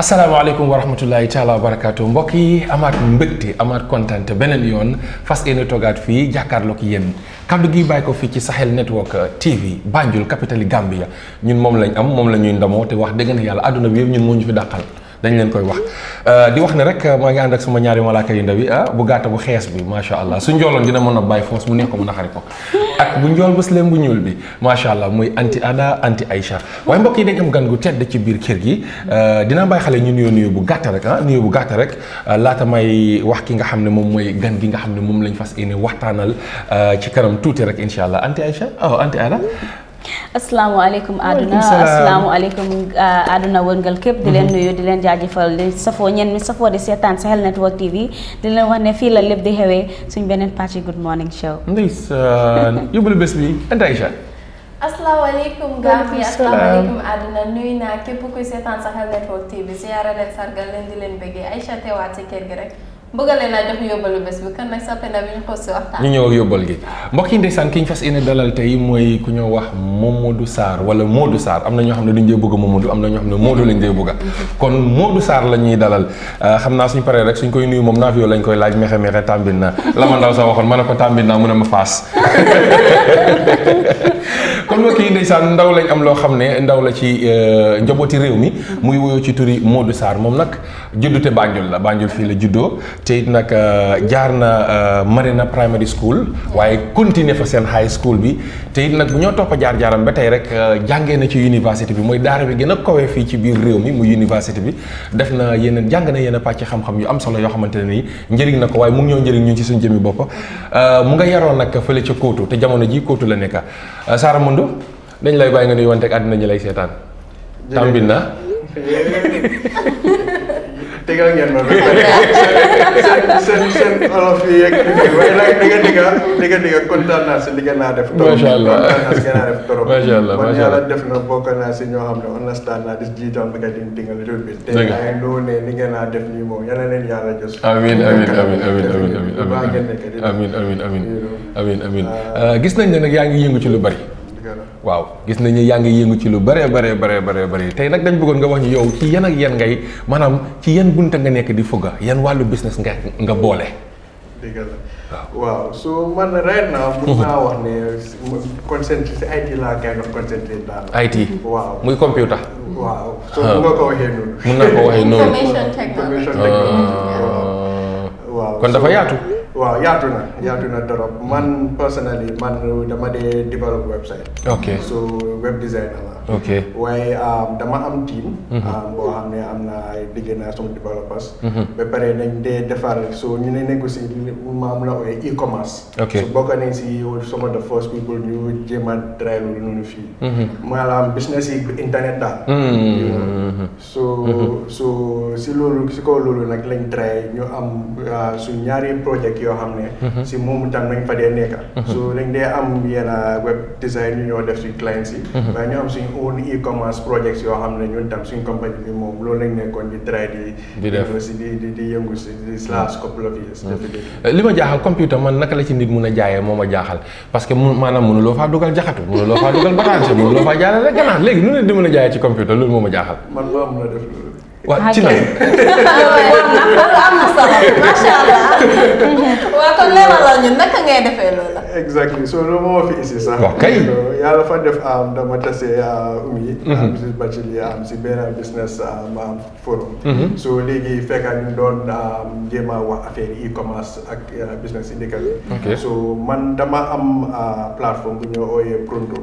asalaamaaleykum wa rahmatullahi taala wa barakaatu mbokk yi amaat mbégte amaat kontaan te beneen yoon fas yéene toogaat fii jàkkaarloo ak yéen gi bàyyi ko fii ci Sahel Network TV Banjul capitale Gambia ñun moom lañ am moom la ñuy ndamoo te wax dëgg na yàlla àdduna bi yëpp ñun moo ñu fi dàqal. dañu leen koy wax euh, di wax ne rek maa ngi ànd ak sama ñaari malaaka yu ndaw yi ah, bu gàtt bu xees bi macha allah su njooloon dina mën a bàyyi force mu neex ko a naxari ko ak bu njool bés leen bu ñuul bi macha allah muy anti Ada anti Aïcha waaye mbokk yi dañ am gan gu tedd ci biir kër gi euh, dinaa bàyyi xale ñu nuyoo nuyoo bu gàtt rek ah, bu gàtt rek euh, laata may wax ki nga xam ne moom mooy gan gi nga xam ne moom lañ fas yéene waxtaanal ci kanam tuuti rek incha allah anti Aïcha oh anti Ada asalaamaaleykum àdduna asalaamaaleykum àdduna uh, wërngal képp di leen nuyu di leen jaajëfal di safoo ñenn mi safoo di seetaan Sahel Network TV di leen wax ne fii la lépp di xewee suñ beneen partie good morning show ndeysaan uh, yóbbalu bés bi Anta Aïcha asalaamaaleykum Gambia asalaamaaleykum àdduna nuyu naa képp kuy seetaan Sahel Network TV ziyaara leen sargal leen di leen bëggee Aïcha teewaat si kër gi rek bëggale naa jox yóbbalu bés bi kan nag sàppe na bi ñu xool si waxtaan. ñu ñëw ak yóbbal gi mbokk yi ndeysaan ki ñu fas yéene dalal tey mooy ku ñëw wax moom Momodou Sarr wala Modou saar am na ñoo xam ne duñ dee bëgg Momodou am na ñoo xam ne Modou lañ dee bëgg kon Modou Sarr la ñuy dalal ah, xam naa suñ paree rek suñ koy nuyu moom naaf yoo lañ koy laaj mexe mexe tàmbin na la ma ndaw sa waxoon ma ne ko tàmbin naa mu ne ma faas kon mbokk yi ndeysaan ndaw lañ am loo xam ne ndaw la ci euh, njabooti réew mi mm-hmm. muy wuyoo ci turi moodu saar moom nag juddute Banjul la Banjul fii la juddoo te it nag euh, jaar na euh, Marina Primary School waaye continuer fa seen high school bi te it nag bu ñoo topp jaar-jaaram ba tey rek jàngee na ci université bi mooy daara bi gën a kawee fii ci biir réew mi muy université bi def na yeneen jàng na yenn pàcc xam-xam yu am solo yoo xamante ne nii njëriñ na ko waaye mu ngi ñoo njëriñ ci suñu jëmi bopp mu nga yaroon nag fële ca Kóotu te jamono ji Kóotu la nekk Amadou dañ lay bay nga nuyuwante ak aduna ñi lay seetaan. tàmbil na. tegal ngeen ma sen sen olof yi ak def. allah allah def na understand bi nga di dingal bi. te ay ne def amin, amin, amin. Amin, amin, amin, amin, amin. waaw gis nañu yaa ngi yëngu ci lu bare bare bare bare bare tey nag dañ bëggoon nga wax ñu yow ci yan ak yan ngay maanaam ci yan bunta nga nekk di fugga yan wàllu business nga nga boole. dëgg la waaw so man right now. mun mhm. naa wax ne concentré si IT laa muy computer. waaw ah. nga ko waxee noonu. mun naa ko waxee noonu. information technology. Ah. waaw kon dafa yaatu. waaw yaatu na yaatu na trop man personally man dama dee develop website. ok so web designer ok waaye um, dama am team. Mhm. Um, boo xam ne am na ay liggéey naa some développers. Mhm. ba pare dañ dee defar so ñu ne négocier maam la ooyee e-commerce. ok so bokk nañ si some of first people ñu jéem a drive lu noonu fii. Mhm. maanaam business yi internet daal. so si loolu si kaw loolu nag lañ try ñu am uh, su ñaari project yoo xam ne. si moomu tam nañ fa dee nekka. so dañ dee am yenn web design yu ñoo def si clients yi. waaye ñu am suñu own e-commerce projects yoo xam ne ñun tam suñ compagnie bi moom loolu li ma jaaxal computer man naka la ci nit mun a jaayee moo ma jaaxal parce que mu maanaam mënuloo faa dugal jaxatu mënuloo faa dugal bataanse mënuloo faa jaarale ganaar léegi nu ne di mën a jaayee ci computer loolu moo ma jaaxal. man loo mën a def loolu. waaw ci noonu. am na solo macha allah. waaw kon leeralal ñun naka ngay defee loola. exactement so loolu moo fi isi sax. waaw kay yàlla fa def am dama tase Oumy. am si bachelier am si benn business am um, um, forum. Mm-hmm. so léegi fekk ñu doon jéem um, wax affaire e-commerce ak uh, business syndical. ok so man dama am uh, plateforme bu ñu ooyee Pronto.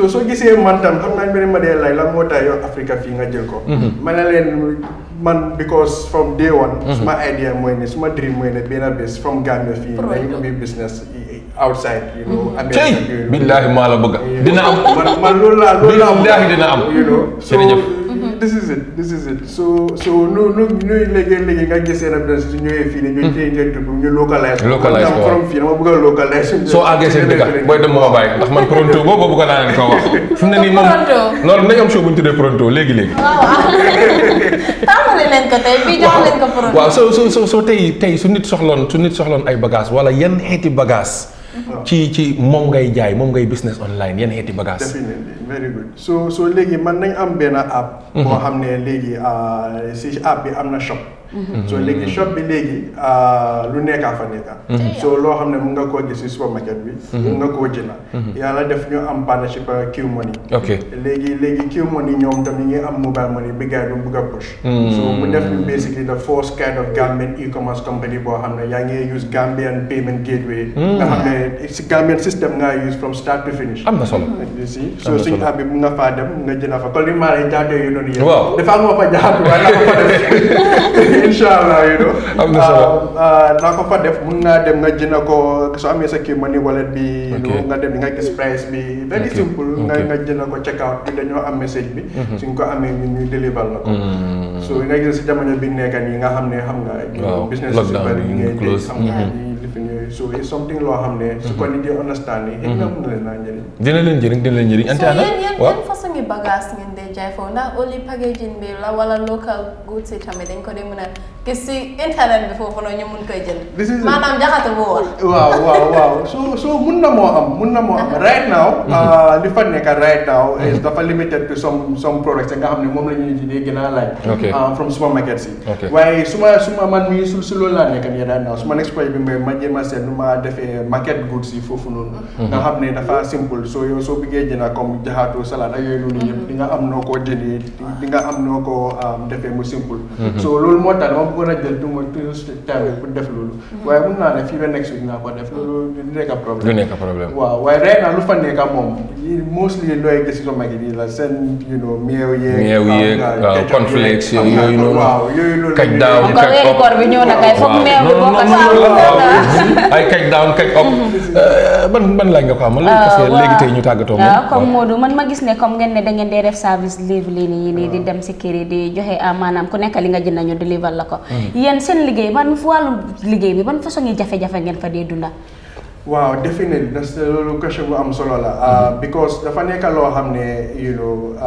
so soo gisee man tam xam naa ne ma dee lay lan moo tax yow Africa fii nga jël ko. Mhm. ma ne leen man because from day one. Mhm. suma idea mooy ne suma dream mooy ne benn bés from Gambia fii. nañu ubbi business outside. you know mhm. Amérique billaahi maa la bëgg dina am. man man loolu laa loolu laa. billaahi dina am. you know so. this is so so loolu ñooy léegi nga gis seen abdoulaye su ñëwee fii nii. Hmm. ñu téye soo àggee seen dëkk booy dem ma bàyyi ndax man pronto boobu bëgg naa leen ko wax. fi ne nii moom loolu nañ am show bu ñu tuddee pronto léegi léegi. waaw waaw so so so so tey tey su nit soxloon su nit soxloon ay bagage wala yan xeeti bagage. Hmm. ci ci moom ngay jaay moom ngay business online yan xeeti bagage. very so so léegi man nañ am benn app. Mhm. boo xam ne léegi ah, si app bi am na shop. Mhm. so léegi mhm. shop bi léegi ah, lu nekk a fa nekk. so loo xam ne mun nga koo gis si supermarket bi. mun nga koo jënd. yàlla def ñu am partnership ak Q Money. léegi Q Money ñoom tamit ngi am mobile money bi gars yi du bugg a push. so mu def ñu basically the first kind of Gambian e-commerce company boo xam ne yaa ngi use Gambian payment gateway. nga xam ne si Gambian system ngaa use from start to finish. am na solo so état bi mun nga faa dem nga jënd fa kon li maa lay jaatee yu noonu yéen. waaw des fois moo fa jaatu waaye naa ko fa def incha allah noonu. am ah, ah, ko fa def mun naa dem nga a ko soo amee sa kii money wallet bi. nga dem nga gis price bi. very simple nga nga jën jënd ko check out bi dañoo am message bi. Mhm. suñ ko amee ñun ñu deliver la ko. Mm. so nga gis si jamono bi nekkan yi nga xam ne xam nga. waaw business yu bëri ngay dégg xam nga mhm. so it's loo xam ne. su ko mhm. nit yi understand. it mhm. leen a dina leen jëriñ dina leen jëriñ. anti ana waaw so yéen yéen façon bagage jaay foofu ndax only packaging bi la wala local goods yi tamit dañ ko dee mën a gis si internet bi foofu noonu ñu mun koy so so na moo am mun na moo am right now. Mhm. Uh, li fa nekk right now mhm. dafa limited to some some products nga xam ne moom la ñuy ji dee a laaj. ok uh, from supermarket si. waaye su ma su ma man mii su ma a seet nu ma defee market foofu noonu. Mhm. nga xam ne dafa simple soo yow soo bëggee jënd comme jaxato salade ak yooyu noonu yëpp di nga am noo ko koo jëlee di nga am noo ko um, defee mu simple mhm. so loolu moo tax dama bëggoon a jël tuma toujours time pour def loolu mhm. waaye mun naa ne fii ba next week naa ko def mhm. loolu du nekk problème problème waaw waaye rey lu fa nekka moom mostly looy gis soo mag yi la seen you know meew yeeg meew um, yeeg conflicts yooyu noonu waaw yooyu loolu kaj down kaj up ban euh, ban laaj nga ko amal. parce que léegi tey ñu tàggatoo moom. Ah, waaw comme man ma gis ne comme ngeen ne da ngeen dee def service livre leen yi nii di ah. dem si kër di joxe ah, maanaam ku nekk li nga jënd ñu deliver la ko. Hmm. yéen seen liggéey ban wàllu liggéey bi ban façon yi jafe-jafe ngeen fa dee dunda Wow, definitely that's the loolu question bu am solo la because the nekk law, Hamne, you know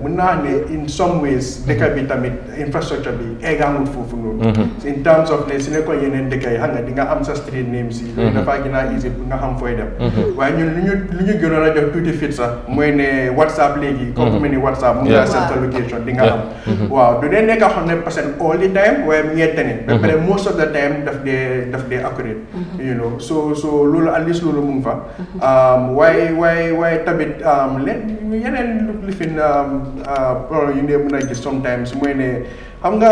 mën naa in some ways dëkk be tamit infrastructure bi eggaamut foofu noonu in terms of ne si nekkoon yeneen dëkk yi xam nga di nga am sa street name si loolu dafaa gën a easy nga xam fooy dem waaye ñun lu ñu lu ñu gënoon a jox tuuti fit whatsapp léegi comme fu mel whatsapp mu nga seen sa location Dinga Ham. Wow, do du dee nekk hundred percent all the time where me ngee teneen ba most of the time daf dee daf dee accurate you know so so so loolu at fa um way way way tabit um len yenen lenn fi lifin um, uh, problème yu ne mën gis sometimes moy ne xam nga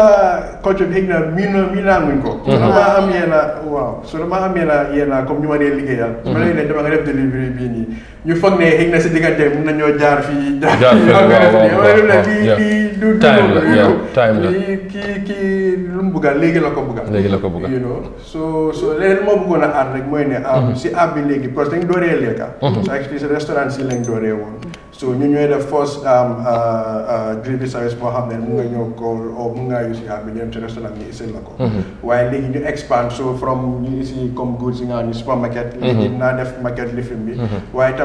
culture na miin ko. Mhm. su am yena waaw su damaa am yena yena comme ñu ma liggéeyal. Ah. Mhm. ma lay ne dama nga def delivery bi ni ñu fogné hegna ci na si diggante jaar fi jaar fi du time la yow time la kii kii kii lu mu bëgg a léegi la ko bëgg a. léegi la ko bëgg a you know so so léegi li ma bëggoon a aar rek mooy ne. Ah, mhm. si aar bi léegi parce que dooree lekka. sa expliqué restaurant si lañ dooree woon. so ñu ñooy def first um, uh, uh, delivery service boo xam ne mun nga ñëw ko o mun ngaa use app bi ñu dem ci restaurant ñu isil la ko mhm. waaye léegi ñu expand so from ñu isi comme goods yi nga xam supermarket mhm. léegi naa def market lifin bi waaye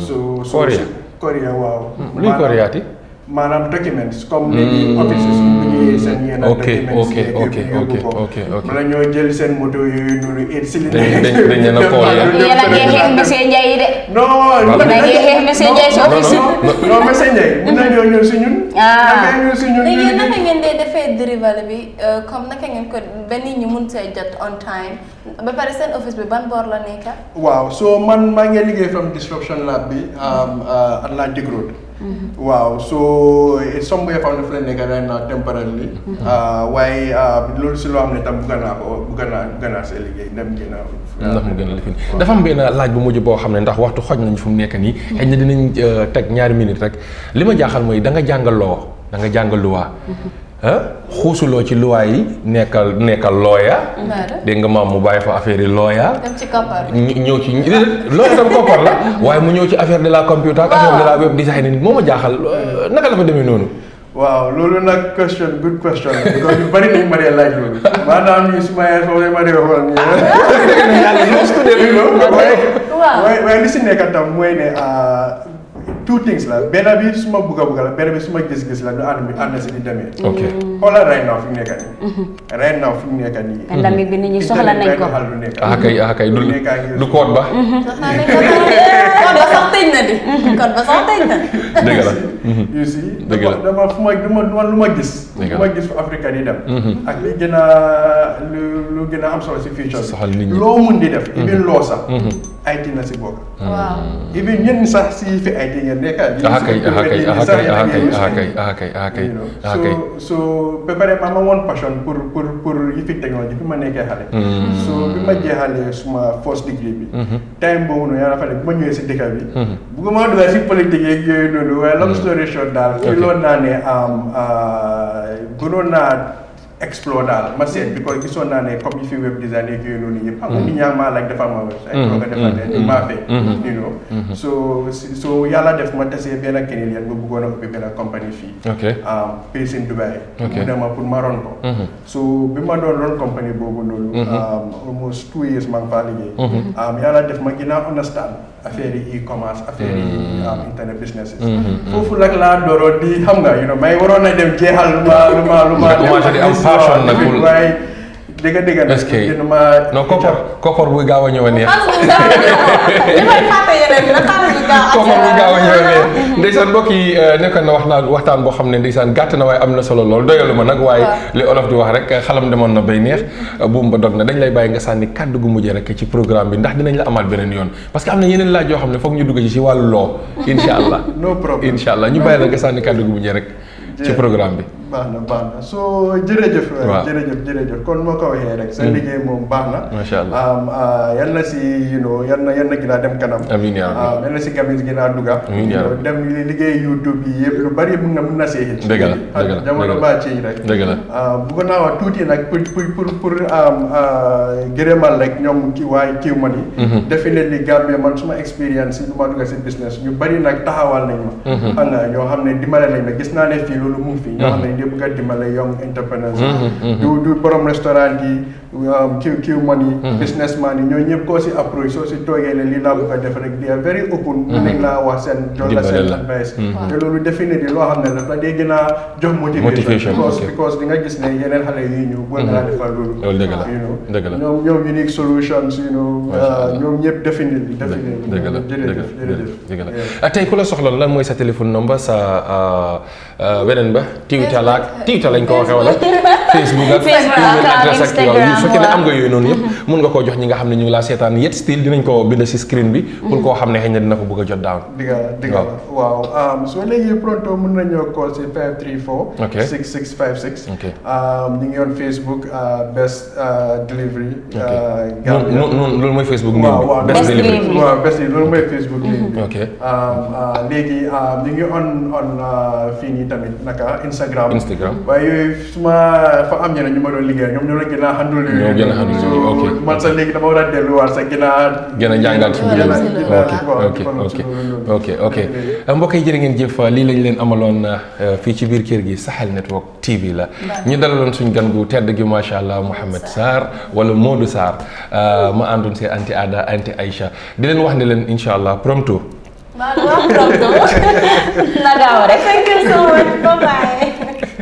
so korea korea waaw luy korea ti maanaam documents comme léegi offices yi bu ñëwee seen documents ok ok ok ok ok mën ñoo jël seen moto yooyu noonu et si li dañ dañ dañ leen a xool ya yéen a ngeen xeex monsieur Ndiaye de non da ngeen xeex monsieur office non monsieur na ñoo ñëw ñun ah mën na ñëw delivery bi euh, comme naka ngeen ko ba nit ñi mun see so man maa ngi liggéey from disruption lab bi um, mm-hmm. uh, Atlantic Road. Mm-hmm. waaw so it's eh, somewhere found fa la nekk right now mm-hmm. uh, uh, loolu si loo xam ne tam a. ndax mu gën a lifin dafa am laaj bu mujj boo xam ne ndax waxtu xoj nañ fu mu nekk nii. xëy na dinañ euh, teg ñaari minute rek li ma jaaxal mooy danga nga jàngal loo khusus ci luwaay yi nekkal nekkal looya. dégg nga maam mu bàyyi fa affaire loya looya. ci tam la mu ci affaire de la computer ak affaire de la web design moo jaaxal naka la fa demee noonu. waaw loolu question good question because ñu bari nañ ma dee laaj loolu maanaam ñu suma yaay foofu ma dee xool nii ñu studé bi li tam two things la benn bi suma buga buga la benn bi suma gis-gis la do and bi anu hmm. ànd ci di demee. ok hola hmm. right now fi mu nekk nii. right now fi mu nekk nii. pandémie bi ni ñi soxla nañ ko ah kay ah kay du du ko ba. koot ba sax teñ na di. koot ba sax teñ na. dëgg la. you see dëgg la dama fu ma dama lu ma gis. luma la ma gis fu Afrique ni dem. Mm-hmm. ak li gëna lu gëna am solo ci future soxal nit ñi lo mu ndi def. even mm-hmm. lo sax. Mm-hmm. IT na ci bokk. waaw even ñen sax ci fi ay ngeen nekka. aha kay aha kay aha kay aha kay aha kay aha kay aha kay so ba pare ma amoon passion pour pour pour yëfi technologie bi ma nekkee xale. Hmm. so bi ma jeexalee suma first degree bi. Hmm. time boobu noonu yàlla fale bu ma ñëwee si dëkk bi. bu ma dugal si politique yeeg yooyu noonu eh, waaye long hmm. story short daal. ok loolu naa ne am gënoon naa. explore daal ma seet bi ko gisoon naa ne comme yi fi web design yeeg yooyu noonu yëpp xam am ay tooga defal leen ñu mm-hmm. maa fee mm-hmm. mm-hmm. so so def ma tasee benn Kenyan bu bëggoon a ubbi benn compagnie fii ok pays ah, in Dubai mu ne pour ma ron ko so bi ma doon ron compagnie boobu noonu um, almost two years maa faa liggéey um, yàlla def ma gën a understand affaire yi e-commerce affaire yi mm. am internet businesses mm-hmm, mm-hmm. foofu nag laa dooroo di xam nga you know may waroon na dem jeexal lu ma lu ma lu ma commencé di am passion nag waaye dégg nga dégg nga. est-ce que non bu gaaw a ñëw neex. a a neex. ndeysaan mbokk yi euh, na wax naa waxtaan boo xam ne ndeysaan gàtt na waaye am na solo lool doyalu ma nag waaye li olof di wax rek xalam demoon na bay neex buum ba dog na dañ lay bàyyi nga sànni kàddu gu mujjee rek ci programme bi ndax dinañ la amaat beneen yoon parce que am na yeneen laaj yoo xam ne foog ñu dugg ci wàllu loo incha allah. ñu bàyyi la nga sànni kàddu gu mujjee rek ci programme bi baax na baax na so jërëjëf eh, jërëjëf jërëjëf kon moo ko waxee rek sa hmm. liggéey moom baax na macha allah um, ah, yal na si you know yan na yan na ginaa dem kanam Amin ya. rabbi ah, yal na si gamis ginaa duga amiin yaa rabbi dem liggéey youtube yi yëpp lu bari mun na mun na see hit dëgg la dëgg la ah, jamono baa ci rek dëgg la bëgg naa wax tuuti nag pour pour pour pour um, gërëmal rek ñoom ki waaye kiw man yi mm-hmm. definitely Gambia man suma expérience yi ma duga si business ñu bari nag taxawal nañ ma mm-hmm. xam nga ñoo xam ne dimbale nañ ma gis naa ne fii loolu mu ngi ñoo xam ne yëpp nga dimbale young entrepreneurs. Mm-hmm, mm-hmm. du du borom restaurant yi Um, Q Q Money mm-hmm. businessman yi ñooñu ñëpp koo si approche soo si toogee ne lii laa bëgg a def rek they are very open mën mm-hmm. nañ laa wax seen jox mm-hmm. loo xam ne dafa dee gën a jox motivation because because nga gis ne yeneen xale yi ñu bëgg naa defal loolu dëgg la dëgg la ñoom ñoom unique solutions you ñoom ñëpp definitely definitely dëgg la jërëjëf jërëjëf dëgg la tey ku la soxla lan mooy sa téléphone number sa weneen uh, uh, ba tiwita laa tiwita lañ ko waxee wala Facebook ak ak su am nga nga jox ñi nga ñu yet style dinañ ko bind si screen bi pour mm-hmm. dina ko bëgg jot um, pronto mën call si 534 6656 ngi on Facebook best delivery Facebook best delivery best delivery Facebook ok on on uh, naka Instagram Instagram Bayu yooyu dafa am ñeneen ñu ma doon liggéey ñoom ñoo la gën a handul ñoo gën a ok man sax léegi dama war a delluwaat sax gën a gën a jàngal ci biir mbokk yi jërë ngeen jëf lii lañ leen amaloon fii ci biir kër gi Sahel Network TV la ñu dalaloon suñu gan gu tedd gi macha allah Mouhamed Sarr wala Modou Sarr ma àndoon see anti Ada anti Aïcha di leen wax ne leen incha allah prompto waaw waaw prompto na thank you so much bye bye